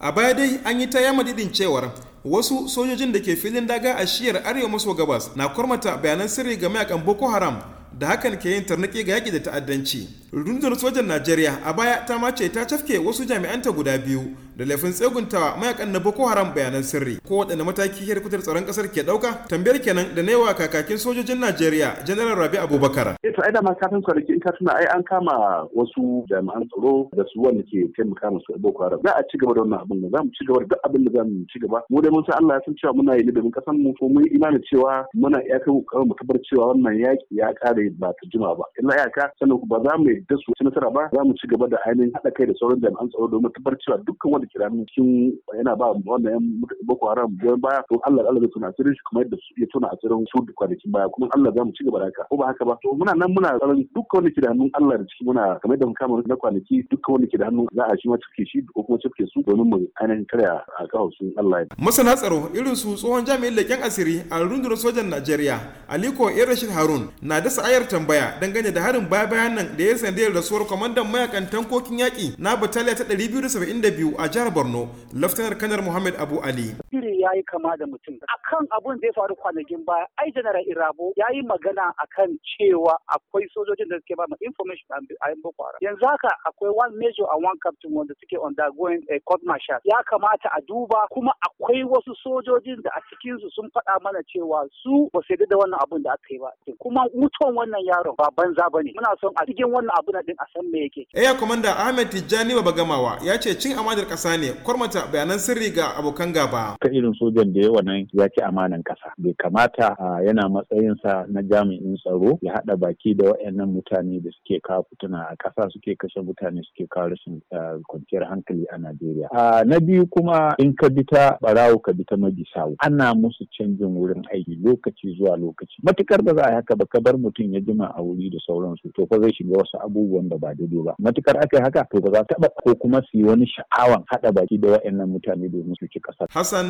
a baya dai an yi ta yama didin cewar wasu sojojin da ke filin daga a shiyar arewa maso gabas na kwarmata bayanan sirri ga mayakan boko haram da hakan ke yin tarnaki ga yaƙi da ta'addanci rundunar sojan najeriya a baya ta mace ta cafke wasu jami'anta guda biyu da laifin tseguntawa mayakan na boko haram bayanan sirri ko waɗanne mataki ya rikutar tsaron ƙasar ke ɗauka tambayar kenan da na yawa kakakin sojojin najeriya general rabi abubakar eh to ai da kafin kwanaki in ka tuna ai an kama wasu jami'an tsaro da su wanda ke taimaka musu boko haram za a ci gaba da wannan abin za mu ci gaba da abin da za mu ci gaba mu dai mun san Allah ya san cewa muna yi domin ƙasar mu ko mun imani cewa muna iyakar mu tabbatar cewa wannan yaƙi ya ƙare ba ta jima ba illa yaka sannan ba za mu yadda su ci nasara ba za mu ci gaba da ainihin haɗa kai da sauran jami'an tsaro domin tabbar cewa dukkan wanda kira cikin yana ba wannan yan boko haram goyon baya to Allah Allah zai tuna asirin shi kuma yadda su ya tuna asirin su da kwanakin baya kuma Allah za mu ci gaba da haka ko ba haka ba to muna nan muna tsaron dukkan wanda ke da Allah da ciki muna kamar da kama na kwanaki dukkan wanda ke za a shi ma cike shi ko kuma cike su domin mu ainihin karya a kawo su Allah masana tsaro irin su tsohon jami'in leken asiri a rundunar sojan Najeriya Aliko Irashid Harun na dasa ayar ayar tambaya dangane da harin baya bayan nan da ya sanadiyar rasuwar kwamandan mayakan tankokin yaƙi na batalya ta 272 a jihar borno laftanar kanar muhammad abu ali biri ya yi kama da mutum a kan abun da ya faru kwanakin baya ai general irabo ya yi magana a kan cewa akwai sojojin da suke ba mu information a yan boko haram yanzu haka akwai one major and one captain wanda suke undergoing a eh, court martial ya kamata a duba kuma akwai wasu sojojin da a cikin su sun faɗa mana cewa su ba su da wannan abun da aka yi ba kuma mutuwan wannan yaron ba banza ba ne. muna son a cikin wannan abun din a san me yake Eya komanda Ahmed Tijjani Babagamawa ya ce cin amadar ƙasa ne kwarmata bayanan sirri ga abokan gaba irin sojan da yawa nan ya ci amanan kasa bai kamata yana matsayinsa na jami'in tsaro ya haɗa baki da wa'annan mutane da suke kawo fituna a kasa suke kashe mutane suke kawo rashin kwanciyar hankali a Najeriya. Na biyu kuma in ka bi ta barawo ka bi ta mabisawo ana musu canjin wurin aiki lokaci zuwa lokaci matukar ba za a haka ba ka bar mutum ya jima a wuri da sauransu to fa zai shiga wasu abubuwan da ba daidai ba matukar aka yi haka to ba za ta ko kuma su yi wani sha'awan haɗa baki da wa'annan mutane domin su ci ƙasa. Hassan